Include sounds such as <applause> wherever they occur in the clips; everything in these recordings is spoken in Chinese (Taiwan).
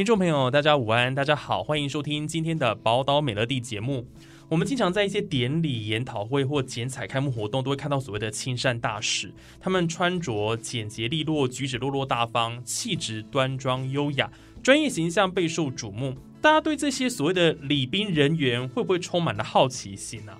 聽眾朋友，大家午安，大家好，歡迎收聽今天的《寶島美樂蒂》節目。我們經常在一些典禮、研討會或剪彩開幕活動，都會看到所謂的親善大使。他們穿着簡潔利落，舉止落落大方，氣質端莊優雅，專業形象備受矚目。大家對這些所謂的禮賓人員會不會充滿了好奇心呢、啊？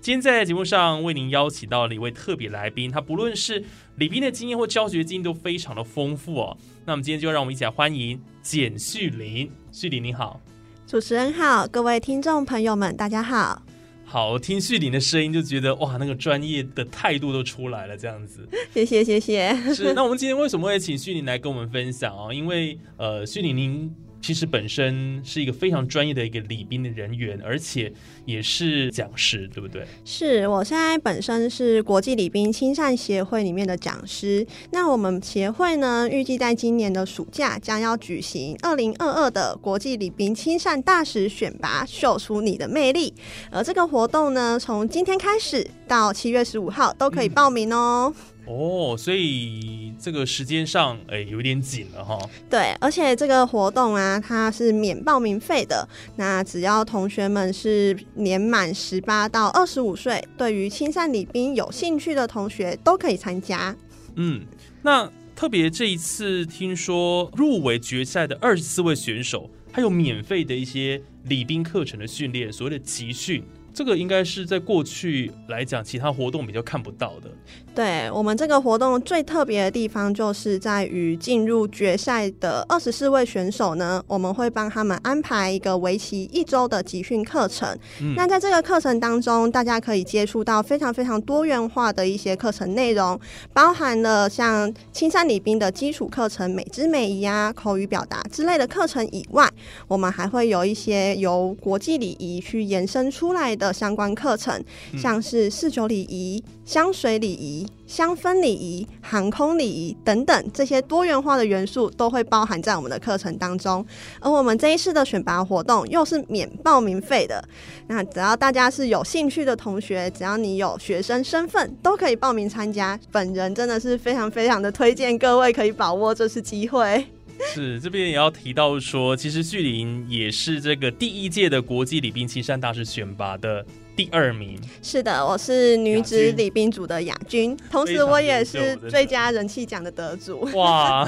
今天在節目上為您邀請到了一位特別來賓，他不論是禮賓的經驗或教學經驗都非常的豐富哦。那我們今天就讓我們一起來歡迎簡旭翎，旭翎你好。主持人好，各位聽眾朋友們大家好。好，聽旭翎的聲音就覺得哇，那個專業的態度都出來了，這樣子。謝謝謝謝。是，那我們今天為什麼會請旭翎來跟我們分享啊、哦？因為呃，旭翎您。其實本身是一個非常專業的一個禮賓的人員，而且也是講師，對不對？是，我現在本身是國際禮賓親善協會裡面的講師。那我們協會呢，預計在今年的暑假將要舉行二零二二的國際禮賓親善大使選拔，秀出你的魅力。而這個活動呢，從今天開始到七月十五號都可以報名哦。嗯哦，所以這個時間上，誒、欸、有點緊了哈。對，而且這個活動啊，它是免報名費的。那只要同學們是年滿十八到二十五歲，對於親善禮賓有興趣的同學都可以參加。嗯，那特別這一次聽說入圍決賽的二十四位選手，還有免費的一些禮賓課程的訓練，所謂的集訓。這個應該是在過去來講，其他活動比較看不到的。對，我們這個活動最特別的地方，就是在於進入決賽的二十四位選手呢，我們會幫他們安排一個為期一周的集訓課程，嗯。那在這個課程當中，大家可以接觸到非常非常多元化的一些課程內容，包含了像親善禮賓的基礎課程、美姿美儀啊、口語表達之類的課程以外，我們還會有一些由國際禮儀去延伸出來的的相關課程，像是侍酒禮儀、香水禮儀、香氛禮儀、航空禮儀等等，這些多元化的元素都會包含在我們的課程當中。而我們這一次的選拔活動又是免報名費的，那只要大家是有興趣的同學，只要你有學生身份，都可以報名參加。本人真的是非常非常的推薦各位可以把握這次機會。 <noise> 是，這邊也要提到說，其實旭翎也是這個第一屆的國際禮賓親善大使選拔的。第二名。是的，我是女子禮賓組的亞軍，同時我也是最佳人氣獎的得主。哇，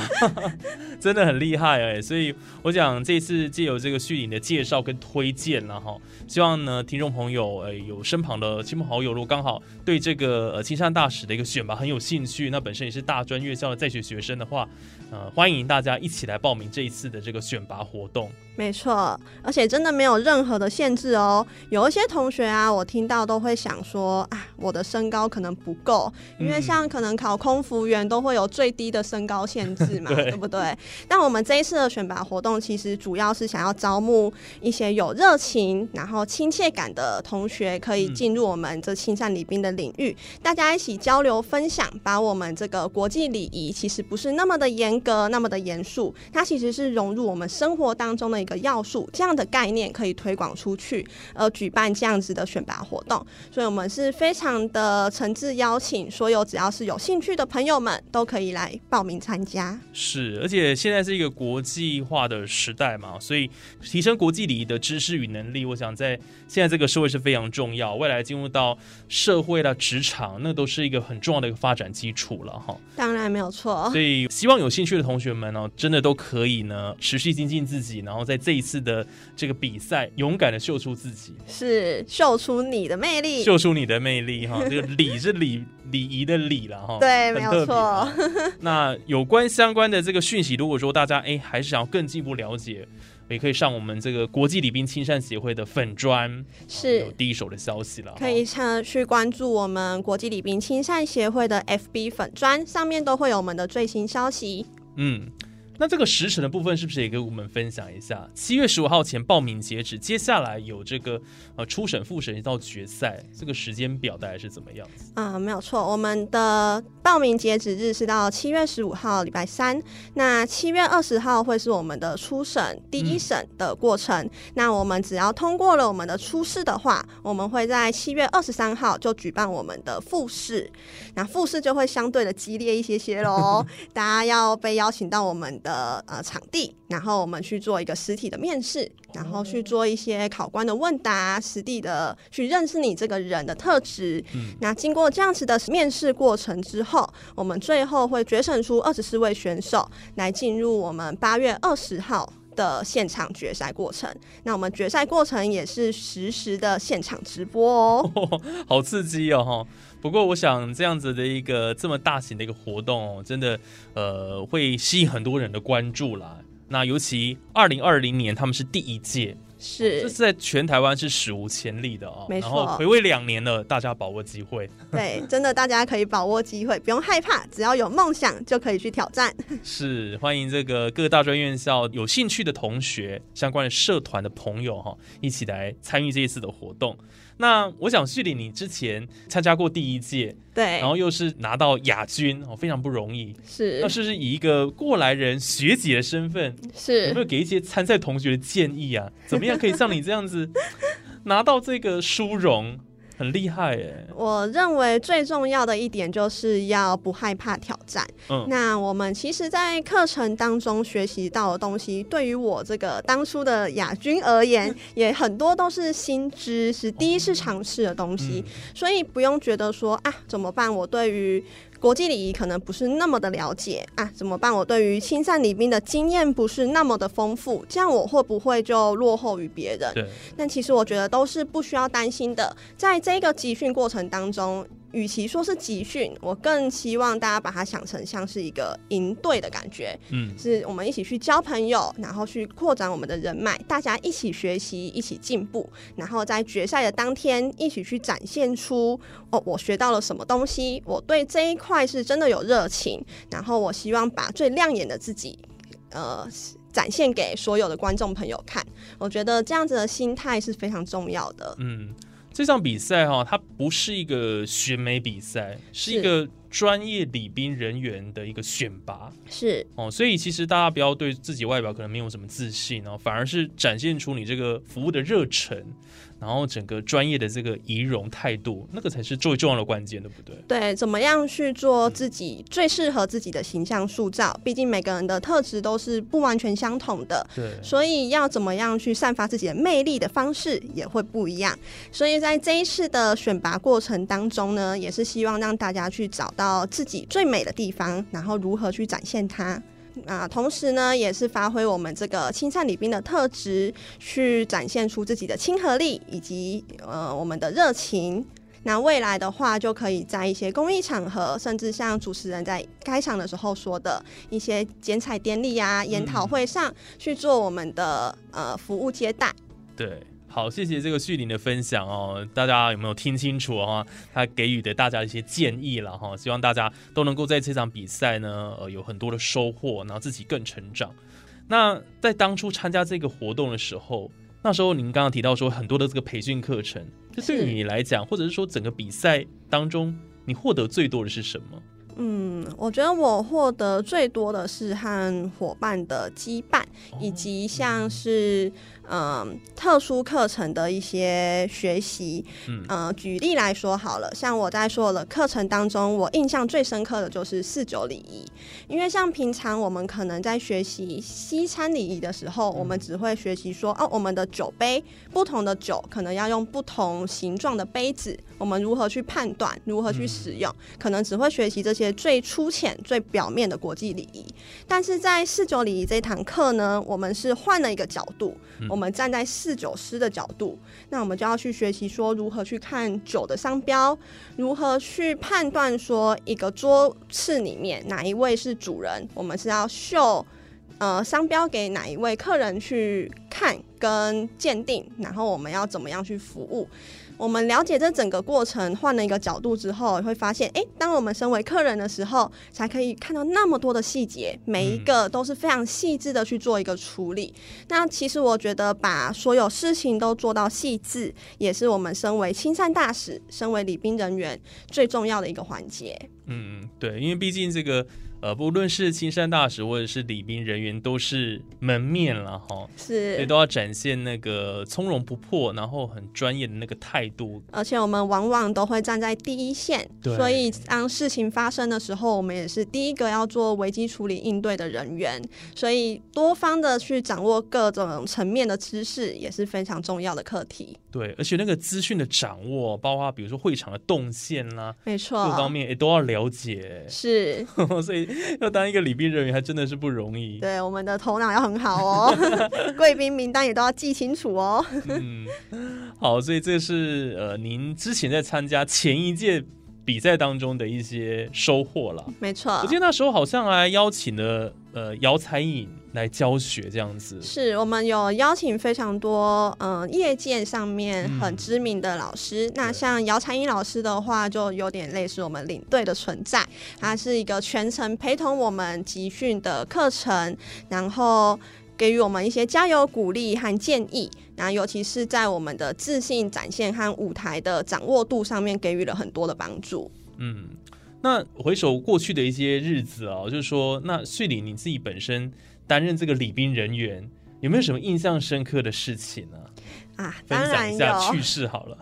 真的很厲害哎、欸！所以我想這一次借由這個旭翎的介紹跟推薦、啊，然後希望呢聽眾朋友，哎，有身旁的親朋好友，如果剛好對這個親善大使的一個選拔很有興趣，那本身也是大專院校的在學學生的話，呃，歡迎大家一起來報名這一次的這個選拔活動。沒錯，而且真的沒有任何的限制哦。有一些同學啊，我聽到都會想說啊，我的身高可能不夠，嗯，因為像可能考空服員都會有最低的身高限制嘛，對，對不對？但我們這一次的選拔活動，其實主要是想要招募一些有熱情，然後親切感的同學，可以進入我們這親善禮賓的領域，嗯，大家一起交流分享，把我們這個國際禮儀其實不是那麼的嚴格，那麼的嚴肅，它其實是融入我們生活當中的。一個要素，這樣的概念可以推廣出去，呃，舉辦這樣子的選拔活動，所以我們是非常的誠摯邀請所有只要是有興趣的朋友們都可以來報名參加。是，而且現在是一個國際化的時代嘛，所以提升國際禮儀的知識與能力，我想在現在這個社會是非常重要，未來進入到社會了職場，那都是一個很重要的一個發展基礎了哈。當然沒有錯。所以希望有興趣的同學們呢、喔，真的都可以呢，持續精進自己，然後再。這一次的這個比賽，勇敢的秀出自己，是秀出你的魅力，秀出你的魅力哈。這個禮是禮禮 <laughs> 儀的禮了哈，對，沒有錯。 <laughs> 那有關相關的這個訊息，如果說大家哎還是想要更進一步了解，也可以上我們這個國際禮賓親善協會的粉專，是有第一手的消息了。可以去關注我們國際禮賓親善協會的 FB 粉專，上面都會有我們的最新消息。嗯。那這個時程的部分是不是也跟我們分享一下？七月十五號前報名截止，接下來有這個呃初審、複審到決賽，這個時間表大概是怎麼樣？啊、呃，沒有錯，我們的報名截止日是到七月十五號，禮拜三。那七月二十號會是我們的初審第一審的過程、嗯。那我們只要通過了我們的初試的話，我們會在七月二十三號就舉辦我們的複試。那複試就會相對的激烈一些些嘍， <laughs> 大家要被邀請到我們。的呃場地，然後我們去做一個實體的面試，然後去做一些考官的問答，實地的去認識你這個人的特質。那、嗯、經過這樣子的面試過程之後，我們最後會決選出二十四位選手來進入我們八月二十號的現場決賽過程，那我們決賽過程也是實時的現場直播哦，呵呵好刺激哦哈！不過我想這樣子的一個這麼大型的一個活動，真的呃會吸引很多人的關注啦。那尤其二零二零年他們是第一屆。是、哦，這是在全台灣是史無前例的哦。沒錯，然後回味兩年了，大家把握機會。對，真的大家可以把握機會， <laughs> 不用害怕，只要有夢想就可以去挑戰。是，歡迎這個各大專院校有興趣的同學，相關的社團的朋友哈、哦，一起來參與這一次的活動。那我想，旭翎，你之前參加過第一屆，對，然後又是拿到亞軍哦，非常不容易。是，那是不是以一個過來人、學姐的身份，是有沒有給一些參賽同學的建議啊？怎麼樣可以像你這樣子拿到這個殊榮？很厲害誒、欸，我認為最重要的一點就是要不害怕挑戰。嗯，那我們其實在課程當中學習到的東西，對於我這個當初的亞軍而言，嗯，也很多都是新知，是第一次嘗試的東西，嗯，所以不用覺得說啊，怎麼辦？我對於國際禮儀可能不是那麼的了解啊，怎麼辦？我對於親善禮賓的經驗不是那麼的豐富，這樣我會不會就落後於別人？對，但其實我覺得都是不需要擔心的，在這個集訓過程當中。與其說是集訓，我更希望大家把它想成像是一個營隊的感覺。嗯，是我們一起去交朋友，然後去擴展我們的人脈，大家一起學習，一起進步，然後在決賽的當天一起去展現出哦，我學到了什麼東西，我對這一塊是真的有熱情。然後我希望把最亮眼的自己，呃，展現給所有的觀眾朋友看。我覺得這樣子的心態是非常重要的。嗯。這場比賽哈、哦，它不是一個選美比賽，是一個是專業禮賓人員的一個選拔是哦，所以其實大家不要對自己外表可能沒有什麼自信呢，然後反而是展現出你這個服務的熱忱，然後整個專業的這個儀容態度，那個才是最重要的關鍵，對不對？對，怎麼樣去做自己最適合自己的形象塑造？畢竟每個人的特質都是不完全相同的，對，所以要怎麼樣去散發自己的魅力的方式也會不一樣。所以在這一次的選拔過程當中呢，也是希望讓大家去找到。到自己最美的地方，然後如何去展現它？啊？那同時呢，也是發揮我們這個親善禮賓的特質，去展現出自己的親和力以及呃我們的熱情。那未來的話，就可以在一些公益場合，甚至像主持人在開場的時候說的一些剪彩典禮啊、嗯、研討會上，去做我們的呃服務接待。對。好，謝謝這個旭翎的分享哦。大家有沒有聽清楚哈、啊？他給予的大家一些建議了哈。希望大家都能夠在這場比賽呢，呃，有很多的收穫，然後自己更成長。那在當初參加這個活動的時候，那時候您剛剛提到說很多的這個培訓課程，就對你來講，或者是說整個比賽當中，你獲得最多的是什麼？嗯，我覺得我獲得最多的是和夥伴的羈絆，以及像是。嗯，特殊課程的一些學習，嗯、呃，舉例來說好了，像我在說的課程當中，我印象最深刻的就是四九禮儀，因為像平常我們可能在學習西餐禮儀的時候、嗯，我們只會學習說哦、啊，我們的酒杯不同的酒可能要用不同形狀的杯子，我們如何去判斷，如何去使用，嗯、可能只會學習這些最粗淺、最表面的國際禮儀。但是在四九禮儀這一堂課呢，我們是換了一個角度。嗯我們站在侍酒師的角度，那我們就要去學習說如何去看酒的商標，如何去判斷說一個桌次裡面哪一位是主人，我們是要秀呃商標給哪一位客人去看跟鑑定，然後我們要怎麼樣去服務。我們了解這整個過程，換了一個角度之後，會發現，誒、欸，當我們身為客人的時候，才可以看到那麼多的細節，每一個都是非常細緻的去做一個處理。嗯、那其實我覺得，把所有事情都做到細緻，也是我們身為親善大使、身為禮賓人員最重要的一個環節。嗯，對，因為畢竟這個。呃，不論是親善大使或者是禮賓人員，都是門面了哈，是，也、欸、都要展現那個從容不迫，然後很專業的那個態度。而且我們往往都會站在第一線，對，，所以當事情發生的時候，我們也是第一個要做危機處理應對的人員。所以多方的去掌握各種層面的知識也是非常重要的課題。對，而且那個資訊的掌握，包括比如說會場的動線啦、啊，沒錯，各方面也、欸、都要了解。是， <laughs> 所以。 <laughs> 要當一個禮賓人員還真的是不容易，對，我們的頭腦要很好哦，貴 <laughs> 賓 <laughs> 名單也都要記清楚哦。 <laughs> 嗯，好，所以這是呃，您之前在參加前一屆。比賽當中的一些收穫了，沒錯。我記得那時候好像還邀請了呃姚彩穎來教學這樣子。是我們有邀請非常多嗯、呃、業界上面很知名的老師，嗯、那像姚彩穎老師的話，就有點類似我們領隊的存在，他是一個全程陪同我們集訓的課程，然後給予我們一些加油鼓勵和建議。那、啊、尤其是在我們的自信展現和舞台的掌握度上面，給予了很多的幫助。嗯，那回首過去的一些日子啊、哦，就是說，那旭翎，你自己本身擔任這個禮賓人員，有沒有什麼印象深刻的事情呢、啊？嗯啊，當然有。趣事好了，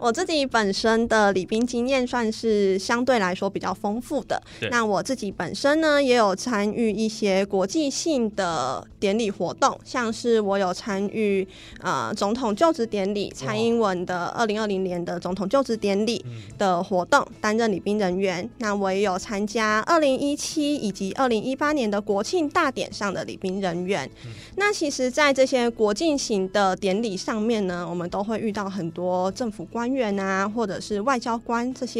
我自己本身的禮賓經驗算是相對來說比較豐富的。那我自己本身呢，也有參與一些國際性的典禮活動，像是我有參與呃總統就職典禮，蔡英文的二零二零年的總統就職典禮的活動，擔、哦嗯、任禮賓人員。那我也有參加二零一七以及二零一八年的國慶大典上的禮賓人員、嗯。那其實，在這些國際型的典禮上面，面呢，我們都會遇到很多政府官員啊，或者是外交官這些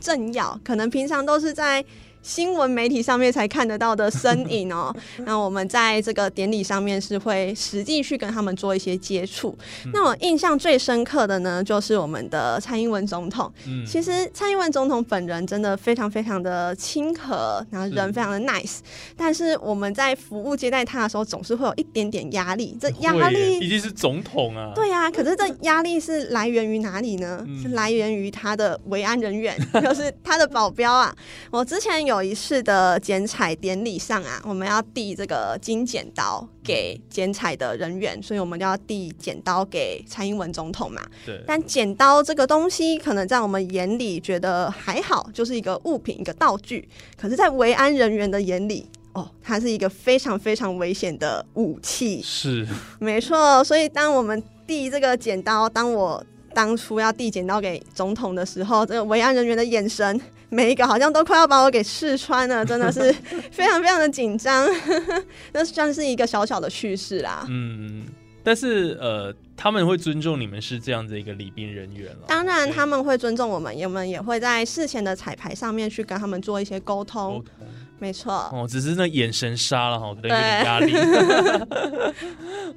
政要，可能平常都是在新聞媒體上面才看得到的身影哦、喔。 <laughs> 那我們在這個典禮上面是會實際去跟他們做一些接觸、嗯。那我印象最深刻的呢，就是我們的蔡英文總統。嗯、其實蔡英文總統本人真的非常非常的親和，然後人非常的 nice。但是我們在服務接待他的時候，總是會有一點點壓力。這壓力畢竟是總統啊。對啊，可是這壓力是來源於哪裡呢？嗯、是來源於他的維安人員，就是他的保鏢啊。 <laughs> 我之前有。一次的剪綵典禮上啊，我們要遞這個金剪刀給剪綵的人員，所以我們就要遞剪刀給蔡英文總統嘛。對。但剪刀這個東西，可能在我們眼裡覺得還好，就是一個物品、一個道具。可是，在維安人員的眼裡，哦，它是一個非常非常危險的武器。是。沒錯。所以，當我們遞這個剪刀，當我當初要遞剪刀給總統的時候，這個維安人員的眼神。每一個好像都快要把我給試穿了，真的是非常非常的緊張。 <laughs> <laughs> 那算是一個小小的趣事啦。嗯，但是呃，他們會尊重你們是這樣子一個禮賓人員了。當然他們會尊重我們，我們也會在事前的彩排上面去跟他們做一些溝通。溝通沒錯哦，只是那眼神殺了哈，可能有點壓力。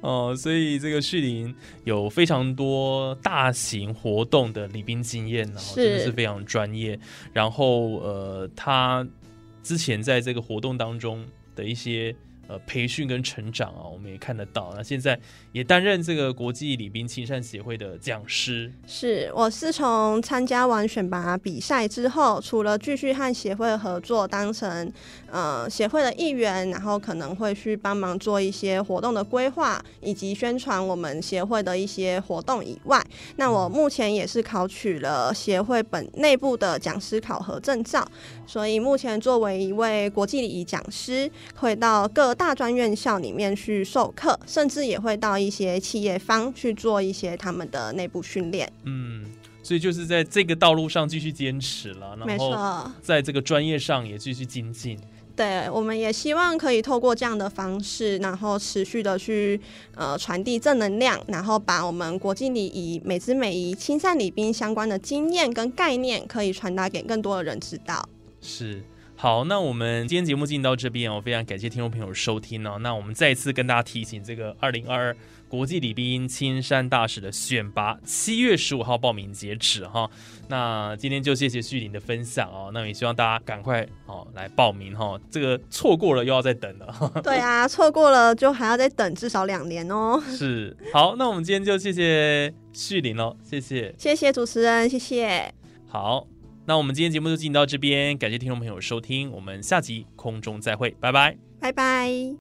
<laughs> 哦，所以這個旭翎，有非常多大型活動的禮賓經驗，然後真的是非常專業。然後呃，他之前在這個活動當中的一些。呃，培訓跟成長啊，我們也看得到啊。那現在也擔任這個國際禮賓親善協會的講師。是，我是從參加完選拔比賽之後，除了繼續和協會合作，當成呃協會的一員，然後可能會去幫忙做一些活動的規劃以及宣傳我們協會的一些活動以外，那我目前也是考取了協會本內部的講師考核證照，所以目前作為一位國際禮儀講師，會到各。大專院校裡面去授課，甚至也會到一些企業方去做一些他們的內部訓練。嗯，所以就是在這個道路上繼續堅持了，沒錯，在這個專業上也繼續精進。對，我們也希望可以透過這樣的方式，然後持續的去呃傳遞正能量，然後把我們國際禮儀、美姿美儀、親善禮賓相關的經驗跟概念，可以傳達給更多的人知道。是。好，那我們今天節目進到這邊哦，非常感謝聽眾朋友收聽哦。那我們再次跟大家提醒，這個二零二二國際禮賓親善大使的選拔，七月十五號報名截止哈、哦。那今天就謝謝旭翎的分享哦，那我也希望大家趕快哦來報名哈、哦，這個錯過了又要再等了。 <laughs> 對啊，錯過了就還要再等至少兩年哦。 <laughs> 是，好，那我們今天就謝謝旭翎哦，謝謝，謝謝主持人，謝謝，好。那我們今天節目就進行到這邊，感謝聽眾朋友收聽，我們下集空中再會，拜拜，拜拜。